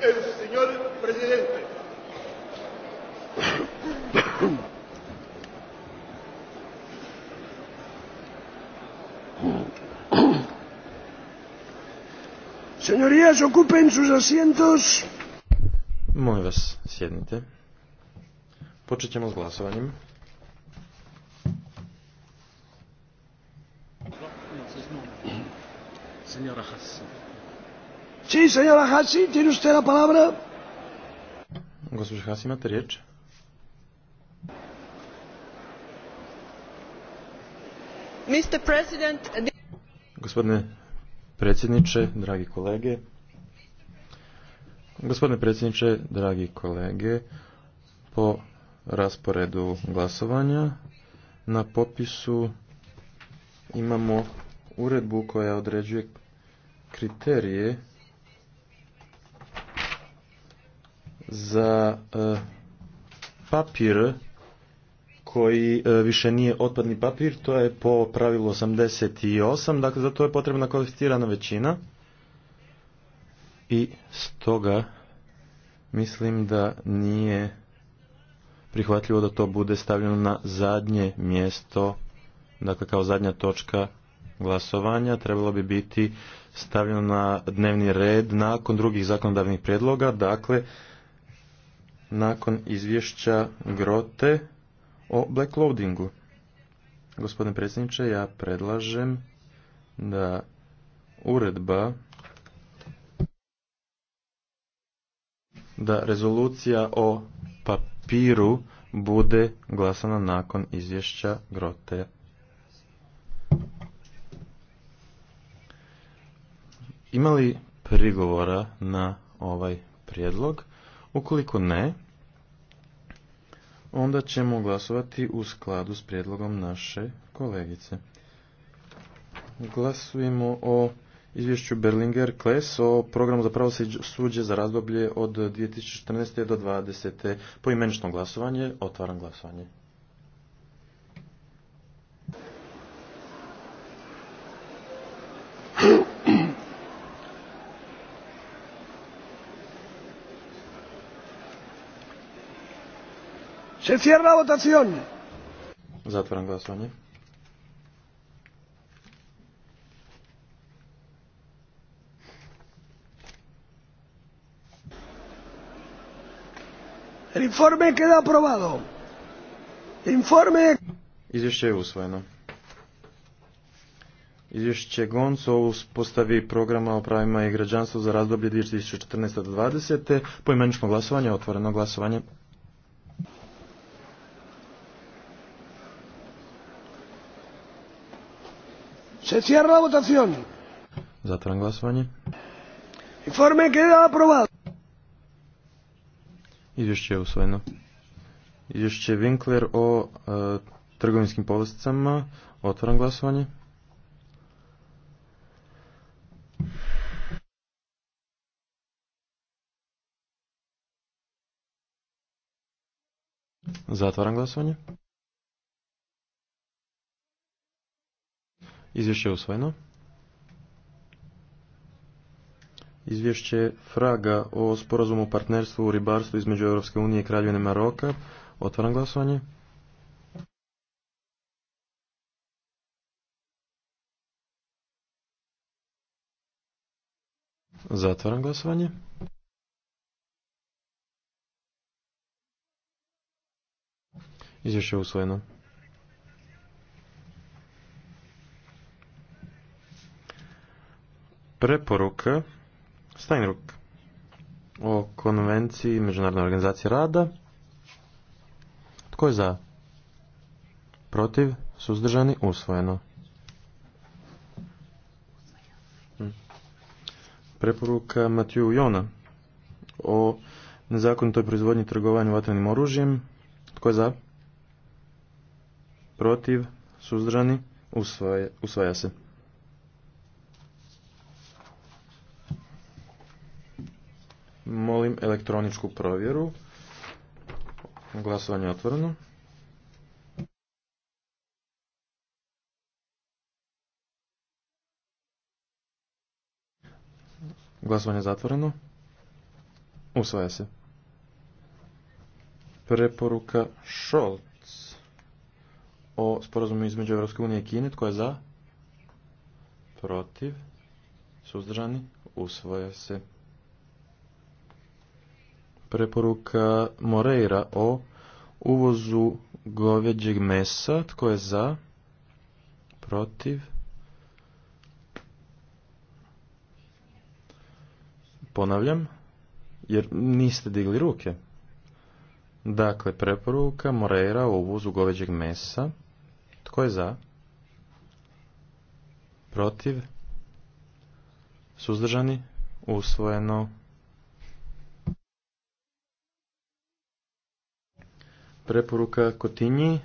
el señor presidente. Señorías, ocupen sus asientos. Molim vas, sjednite. Počet ćemo s glasovanjem. Señora Hassan. Sí, señora Hassi, tiene Gospođo imate riječ. Gospodine predsjedniče, dragi kolege, Gospodine predsjedniče, dragi kolege, po rasporedu glasovanja na popisu imamo uredbu koja određuje kriterije za e, papir koji e, više nije otpadni papir, to je po pravilu 88, dakle za to je potrebna kvalificirana većina. I stoga mislim da nije prihvatljivo da to bude stavljeno na zadnje mjesto, dakle kao zadnja točka glasovanja, trebalo bi biti stavljeno na dnevni red nakon drugih zakonodavnih prijedloga, dakle nakon izvješća Grote o loadingu. Gospodine predsjedniče, ja predlažem da uredba da rezolucija o papiru bude glasana nakon izvješća Grote. Imali prigovora na ovaj prijedlog? Ukoliko ne, onda ćemo glasovati u skladu s prijedlogom naše kolegice. Glasujemo o izvješću Berlinger Kles o programu za pravo suđe za razdoblje od 2014. do 2020. Poimenično glasovanje, otvaram glasovanje. Se cierra votación. Zatvaram glasovanje. El informe queda aprobado. Informe... Izvješće je usvojeno. Izvješće GONC o uspostavi programa o pravima i građanstvu za razdoblje 2014. do 2020. Poimenično glasovanje, otvoreno glasovanje. Se cierra la votación. Zatvaram glasovanje. Informe je aprobado. Izvješće je usvojeno. Izvješće Winkler o e, trgovinskim povlasticama. Otvaram glasovanje. Zatvaram glasovanje. Izvješće je usvojeno. Izvješće Fraga o sporazumu o partnerstvu u ribarstvu između Europske unije i Kraljevine Maroka. Otvaram glasovanje. Zatvaram glasovanje. Izvješće je usvojeno. preporuka Steinruck o konvenciji Međunarodne organizacije rada. Tko je za? Protiv? Suzdržani? Usvojeno. Hm. Preporuka Matiju Jona o nezakonitoj proizvodnji i trgovanju vatrenim oružjem. Tko je za? Protiv? Suzdržani? usvaja se. Molim elektroničku provjeru. Glasovanje otvoreno. Glasovanje zatvoreno. Usvaja se. Preporuka Scholz o sporazumu između Europske unije i Kine. Tko je za? Protiv? Suzdržani? Usvaja se preporuka Moreira o uvozu goveđeg mesa. Tko je za? Protiv? Ponavljam, jer niste digli ruke. Dakle, preporuka Moreira o uvozu goveđeg mesa. Tko je za? Protiv? Suzdržani? Usvojeno. Preporuka Kotinji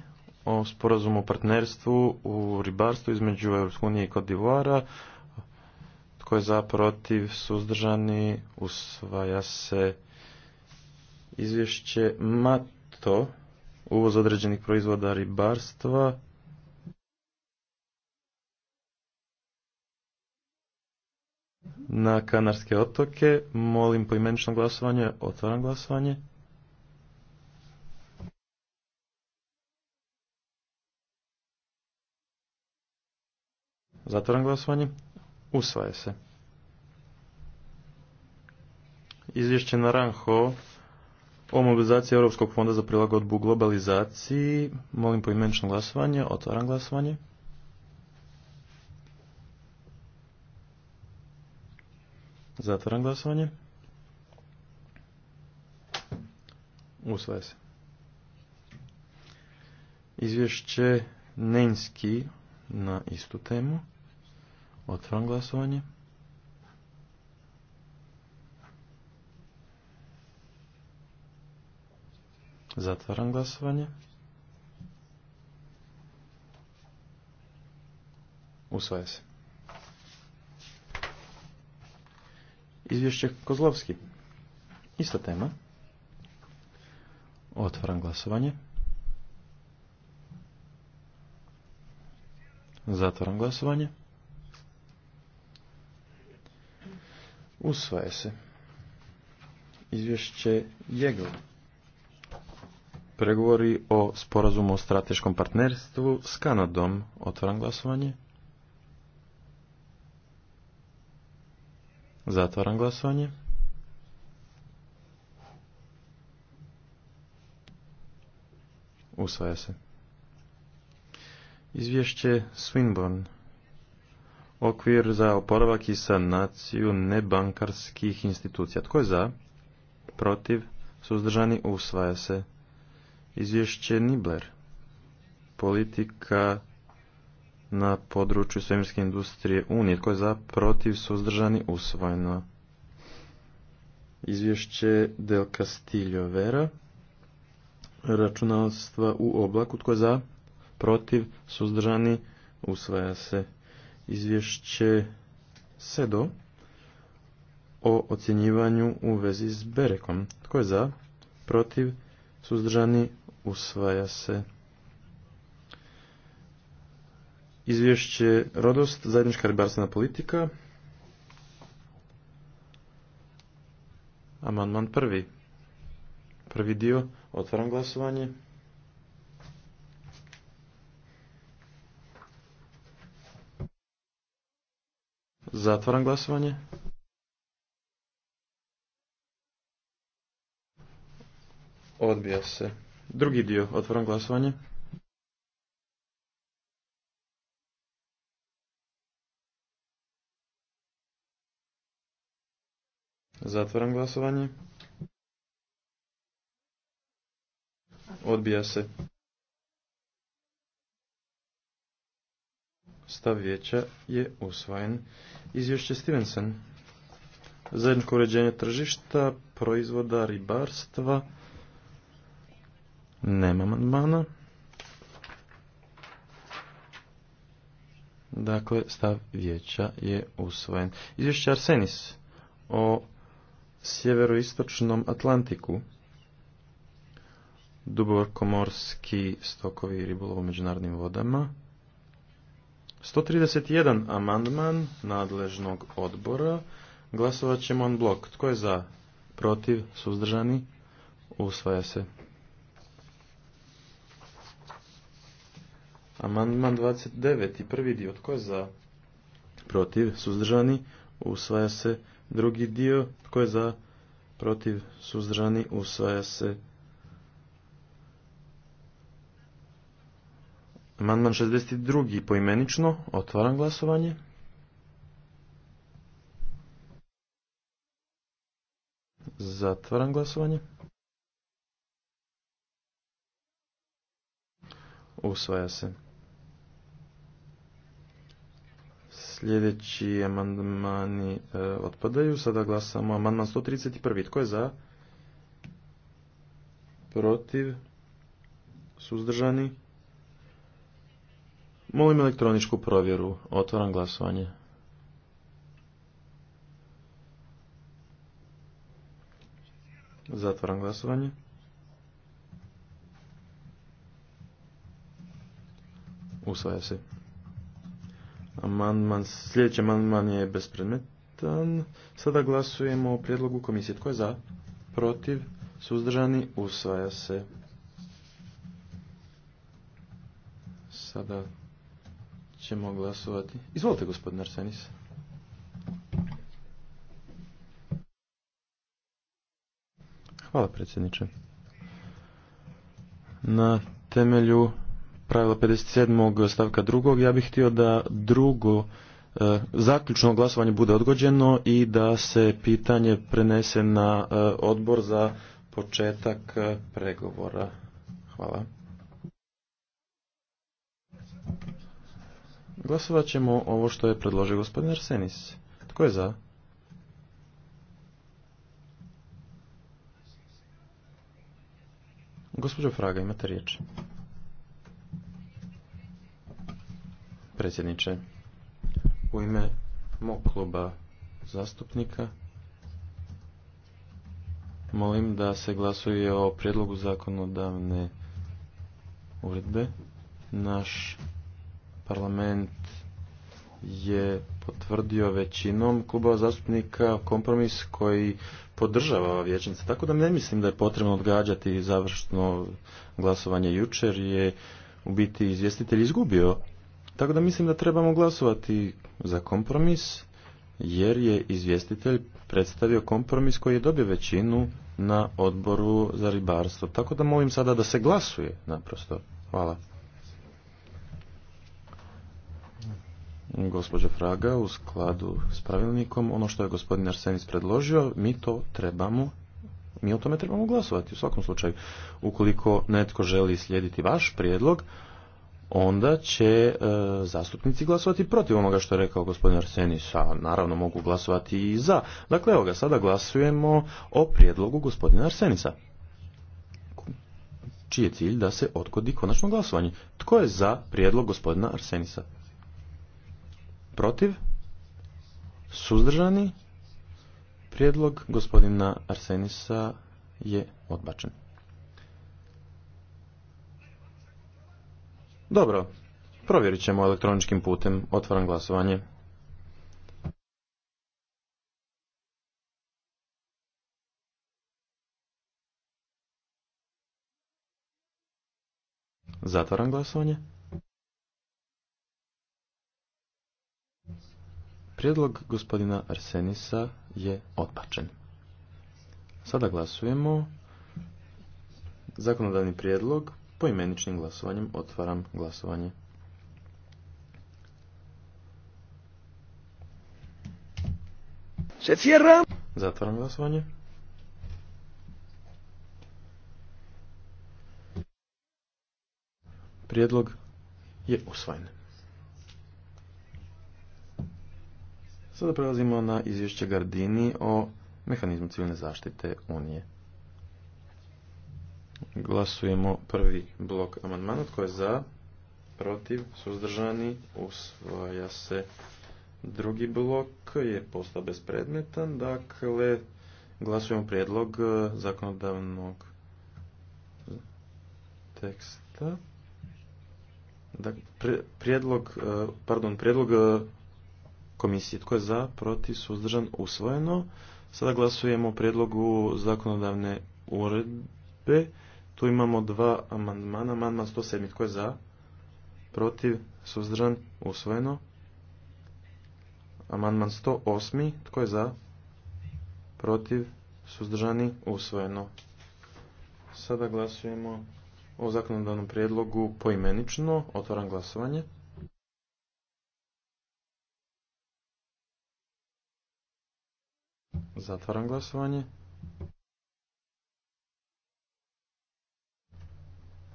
o sporazumu o partnerstvu u ribarstvu između Europske unije i Kodivora. Tko je za, protiv, suzdržani, usvaja se izvješće MATO, uvoz određenih proizvoda ribarstva. Na Kanarske otoke molim poimenično glasovanje, otvaram glasovanje. Zatvoram glasovanje. Usvaje se. Izvješće na Ranho o mobilizaciji Europskog fonda za prilagodbu globalizaciji. Molim poimenično glasovanje. Otvaram glasovanje. Zatvaram glasovanje. Usvaje se. Izvješće Nenski na istu temu. Otvaram glasovanje. Zatvaram glasovanje. Usvaja se. Izvješće Kozlovski. Ista tema. Otvaram glasovanje. Zatvaram glasovanje. Usvaje se. Izvješće Jegel. Pregovori o sporazumu o strateškom partnerstvu s Kanadom. Otvaram glasovanje. Zatvaram glasovanje. Usvaja se. Izvješće Swinburne okvir za oporavak i sanaciju nebankarskih institucija. Tko je za? Protiv? Suzdržani? Usvaja se. Izvješće Nibler. Politika na području svemirske industrije Unije. Tko je za? Protiv? Suzdržani? Usvojeno. Izvješće Del Castillo Vera. Računalstva u oblaku. Tko je za? Protiv? Suzdržani? Usvaja se izvješće SEDO o ocjenjivanju u vezi s Berekom. Tko je za? Protiv? Suzdržani? Usvaja se. Izvješće Rodost, zajednička ribarstvena politika. Amandman prvi. Prvi dio, otvaram glasovanje. Zatvaram glasovanje. Odbija se. Drugi dio. Otvaram glasovanje. Zatvaram glasovanje. Odbija se. stav vijeća je usvojen. Izvješće Stevenson. Zajedničko uređenje tržišta, proizvoda, ribarstva. Nema amandmana. Dakle, stav vijeća je usvojen. Izvješće Arsenis o sjeveroistočnom Atlantiku. Dubovorkomorski stokovi i ribolov u međunarodnim vodama. 131 amandman nadležnog odbora. Glasovat ćemo on blok. Tko je za? Protiv? Suzdržani? Usvaja se. Amandman 29. Prvi dio. Tko je za? Protiv? Suzdržani? Usvaja se. Drugi dio. Tko je za? Protiv? Suzdržani? Usvaja se. Amandman 62. poimenično. Otvaram glasovanje. Zatvaram glasovanje. Usvaja se. Sljedeći amandmani e, otpadaju. Sada glasamo amandman 131. Tko je za? Protiv? Suzdržani? Molim elektroničku provjeru. Otvaram glasovanje. Zatvaram glasovanje. Usvaja se. sljedeći amandman je bespredmetan. Sada glasujemo o prijedlogu komisije. Tko je za? Protiv? Suzdržani? Usvaja se. Sada ćemo glasovati. Izvolite, gospodin Arsenis. Hvala, predsjedniče. Na temelju pravila 57. stavka drugog, ja bih htio da drugo e, zaključno glasovanje bude odgođeno i da se pitanje prenese na e, odbor za početak e, pregovora. Hvala. Glasovat ćemo ovo što je predložio gospodin Arsenis. Tko je za? Gospođo Fraga, imate riječ. Predsjedniče, u ime mog kluba zastupnika molim da se glasuje o prijedlogu zakonodavne uredbe. Naš parlament je potvrdio većinom kluba zastupnika kompromis koji podržava ova vječnica. Tako da ne mislim da je potrebno odgađati završno glasovanje jučer je u biti izvjestitelj izgubio. Tako da mislim da trebamo glasovati za kompromis jer je izvjestitelj predstavio kompromis koji je dobio većinu na odboru za ribarstvo. Tako da molim sada da se glasuje naprosto. Hvala. gospođa Fraga u skladu s pravilnikom ono što je gospodin Arsenis predložio mi to trebamo mi o tome trebamo glasovati u svakom slučaju ukoliko netko želi slijediti vaš prijedlog onda će e, zastupnici glasovati protiv onoga što je rekao gospodin Arsenis, a naravno mogu glasovati i za. Dakle, evo ga, sada glasujemo o prijedlogu gospodina Arsenisa. Čiji je cilj da se odgodi konačno glasovanje? Tko je za prijedlog gospodina Arsenisa? Protiv? Suzdržani? Prijedlog gospodina Arsenisa je odbačen. Dobro, provjerit ćemo elektroničkim putem. Otvaram glasovanje. Zatvaram glasovanje. Prijedlog gospodina Arsenisa je odbačen. Sada glasujemo zakonodavni prijedlog poimeničnim glasovanjem otvaram glasovanje. Se cierra. Zatvaram glasovanje. Prijedlog je usvojen. Sada prelazimo na izvješće Gardini o mehanizmu civilne zaštite Unije. Glasujemo prvi blok amandmana. Tko je za? Protiv? Suzdržani? Usvaja se. Drugi blok je postao bespredmetan. Dakle, glasujemo prijedlog e, zakonodavnog teksta. Dakle, prijedlog, e, pardon, prijedlog e, komisije. Tko je za, protiv, suzdržan, usvojeno. Sada glasujemo o prijedlogu zakonodavne uredbe. Tu imamo dva amandmana. Amandman 107. Tko je za, protiv, suzdržan, usvojeno. Amandman 108. Tko je za, protiv, suzdržani, usvojeno. Sada glasujemo o zakonodavnom prijedlogu poimenično. Otvaram glasovanje. Zatvaram glasovanje.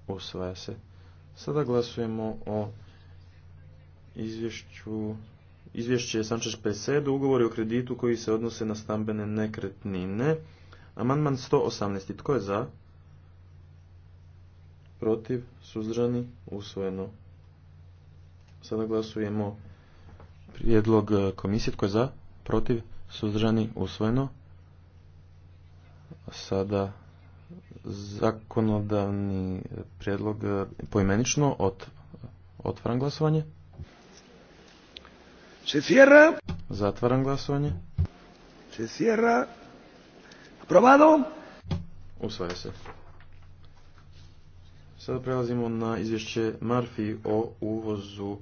Usvaja se. Sada glasujemo o izvješću izvješće Sančeš Pesedu, ugovori o kreditu koji se odnose na stambene nekretnine. Amandman 118. Tko je za? Protiv? Suzdrani. Usvojeno. Sada glasujemo prijedlog eh, komisije. Tko je za? Protiv? suzdržani, usvojeno. Sada zakonodavni prijedlog e, poimenično od otvaram glasovanje. Se cierra. Zatvaram glasovanje. Se cierra. Aprobado. Usvaja se. Sada prelazimo na izvješće Marfi o uvozu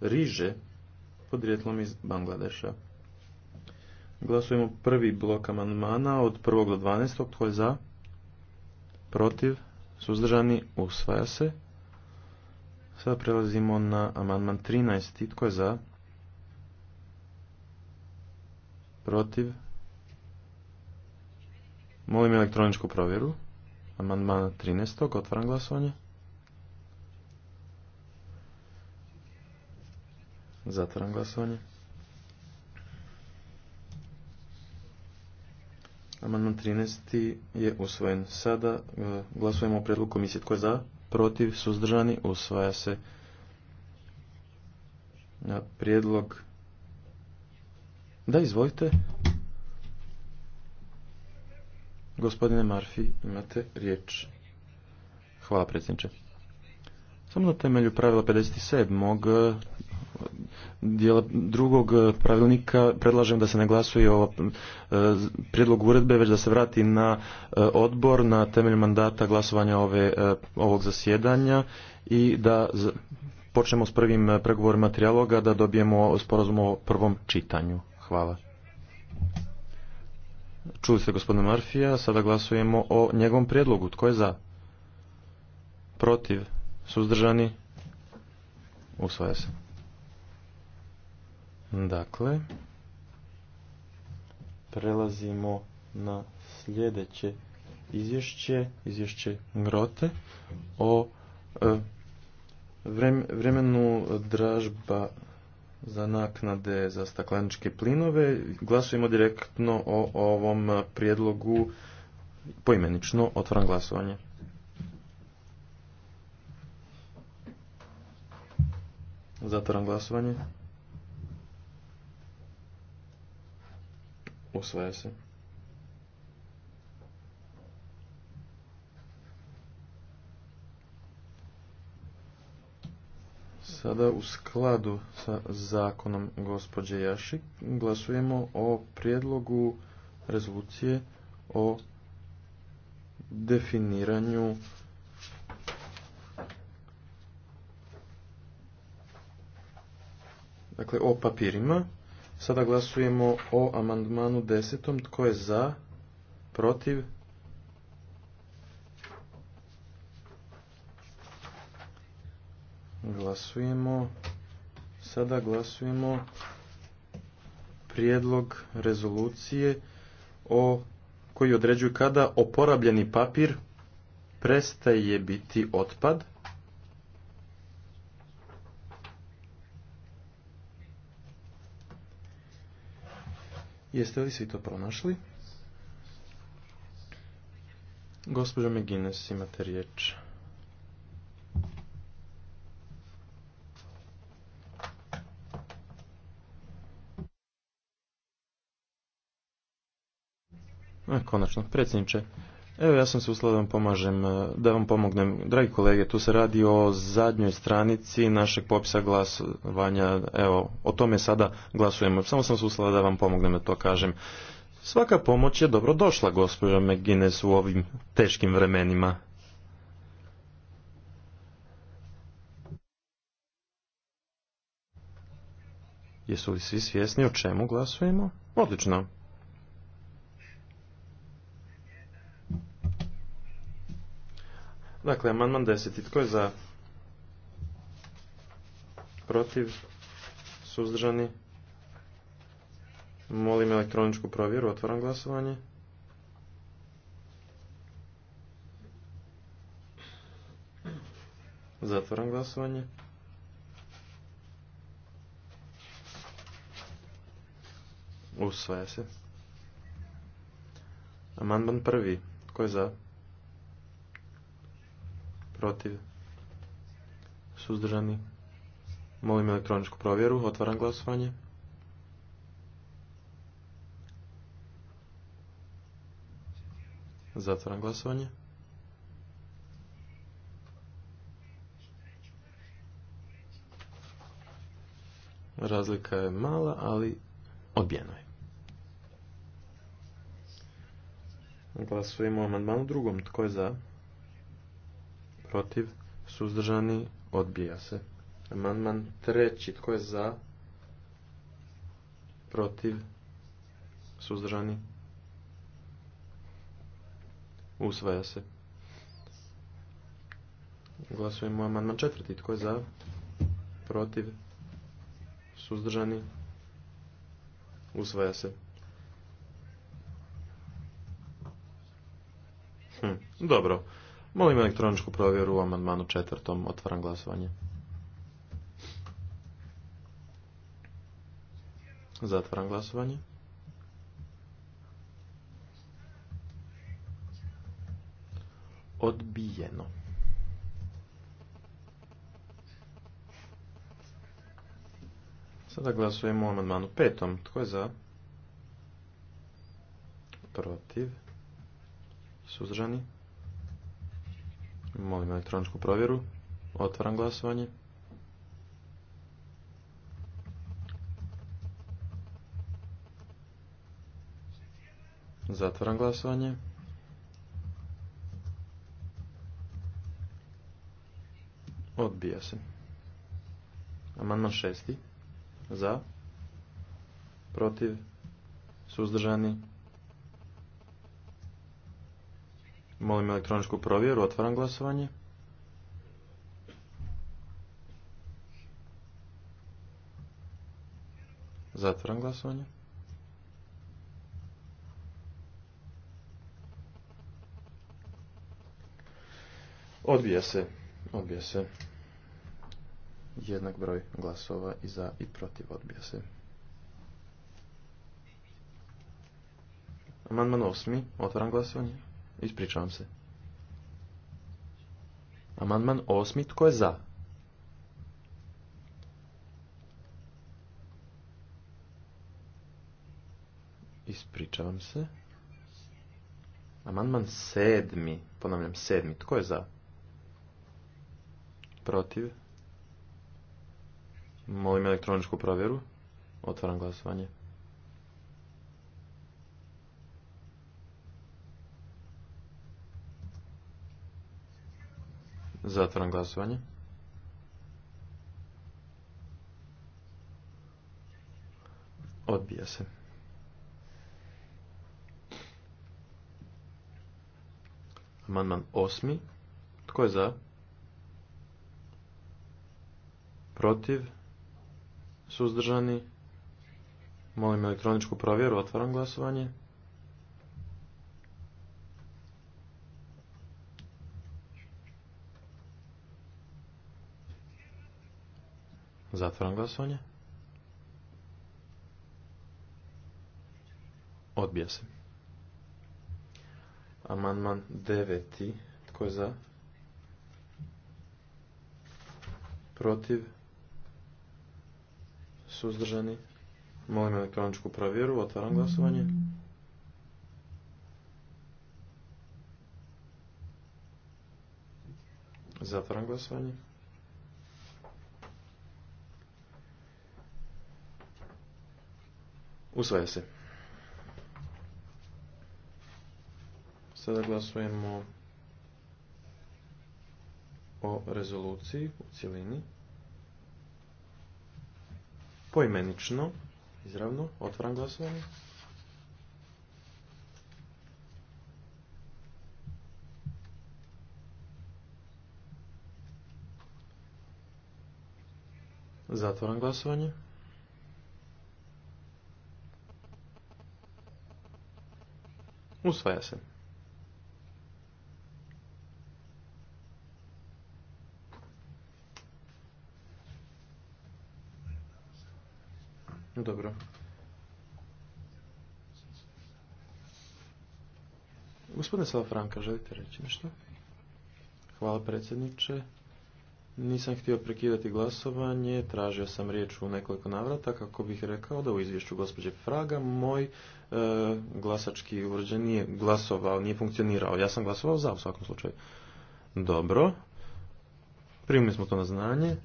riže podrijetlom iz Bangladeša. Glasujemo prvi blok amandmana od 1. do 12. Tko je za? Protiv? Suzdržani? Usvaja se. Sada prelazimo na amandman 13. Tko je za? Protiv? Molim elektroničku provjeru. Amandmana 13. Otvaram glasovanje. Zatvaram glasovanje. Amandman 13. je usvojen. Sada e, glasujemo o prijedlogu komisije. Tko je za? Protiv? Suzdržani? Usvaja se na prijedlog. Da, izvolite. Gospodine Marfi, imate riječ. Hvala predsjedniče. Samo na temelju pravila 57 dijela drugog eh, pravilnika predlažem da se ne glasuje o eh, prijedlogu uredbe, već da se vrati na eh, odbor na temelju mandata glasovanja ove, ovog zasjedanja i da počnemo s prvim pregovorima trijaloga da dobijemo sporazum o prvom čitanju. Hvala. Čuli ste gospodine Marfija, sada glasujemo o njegovom prijedlogu. Tko je za? Protiv? Suzdržani? Usvaja se. Dakle, prelazimo na sljedeće izvješće, izvješće Grote o e, vremenu dražba za naknade za stakleničke plinove. Glasujemo direktno o ovom prijedlogu poimenično. Otvaram glasovanje. Zatvaram glasovanje. Usvaja se. Sada u skladu sa zakonom gospođe Jašik glasujemo o prijedlogu rezolucije o definiranju dakle o papirima Sada glasujemo o amandmanu desetom. Tko je za? Protiv? Glasujemo. Sada glasujemo prijedlog rezolucije o koji određuje kada oporabljeni papir prestaje biti otpad. Jeste li svi to pronašli? Gospođo McGuinness, imate riječ. E, konačno, predsjedniče, Evo ja sam se uslao vam pomažem, e, da vam pomognem. Dragi kolege, tu se radi o zadnjoj stranici našeg popisa glasovanja. Evo, o tome sada glasujemo. Samo sam se uslao da vam pomognem da to kažem. Svaka pomoć je dobro došla, gospođa McGuinness, u ovim teškim vremenima. Jesu li svi svjesni o čemu glasujemo? Odlično. Dakle, amandman 10. Tko je za? Protiv? Suzdržani? Molim elektroničku provjeru. Otvaram glasovanje. Zatvaram glasovanje. Usvaja se. Amandman prvi. Tko je za? protiv, suzdržani. Molim elektroničku provjeru. Otvaram glasovanje. Zatvaram glasovanje. Razlika je mala, ali odbijeno je. Glasujemo o amandmanu drugom. Tko je za? protiv, suzdržani, odbija se. Amandman treći, tko je za, protiv, suzdržani, usvaja se. Glasujemo amandman četvrti, tko je za, protiv, suzdržani, usvaja se. Hm, dobro. Molim elektroničku provjeru u amandmanu četvrtom. Otvaram glasovanje. Zatvaram glasovanje. Odbijeno. Sada glasujemo o amandmanu petom. Tko je za? Protiv. Suzdržani. Molim elektroničku provjeru. Otvaram glasovanje. Zatvaram glasovanje. Odbija se. Amandman šesti. Za. Protiv. Suzdržani. Molim elektroničku provjeru, otvaram glasovanje. Zatvaram glasovanje. Odbija se, odbija se. Jednak broj glasova i za i protiv odbija se. Amandman osmi, otvaram glasovanje. Ispričavam se. Amandman osmi, tko je za? Ispričavam se. Amandman sedmi, ponavljam sedmi, tko je za? Protiv. Molim elektroničku provjeru. Otvaram glasovanje. Zatvoram glasovanje. Odbija se. Amandman osmi. Tko je za? Protiv? Suzdržani? Molim elektroničku provjeru. Otvaram glasovanje. Zatvaram glasovanje. Odbija se. Amandman deveti. Tko je za? Protiv? Suzdržani? Molim elektroničku provjeru. Otvaram glasovanje. Zatvaram glasovanje. Usvaja se. Sada glasujemo o rezoluciji u cjelini. Poimenično, izravno, otvaram glasovanje. Zatvaram glasovanje. Usvaja se. Dobro. Gospodine Salafranka, želite reći nešto? Hvala predsjedniče. Nisam htio prekidati glasovanje, tražio sam riječ u nekoliko navrata kako bih rekao da u izvješću gospođe Fraga moj e, glasački uređaj nije glasovao, nije funkcionirao. Ja sam glasovao za u svakom slučaju. Dobro. Primili smo to na znanje.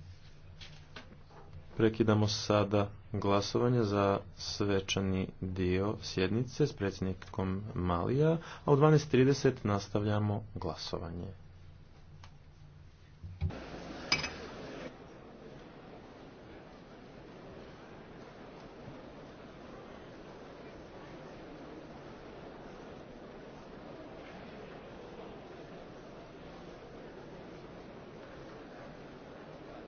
Prekidamo sada glasovanje za svečani dio sjednice s predsjednikom Malija, a u 12.30 nastavljamo glasovanje.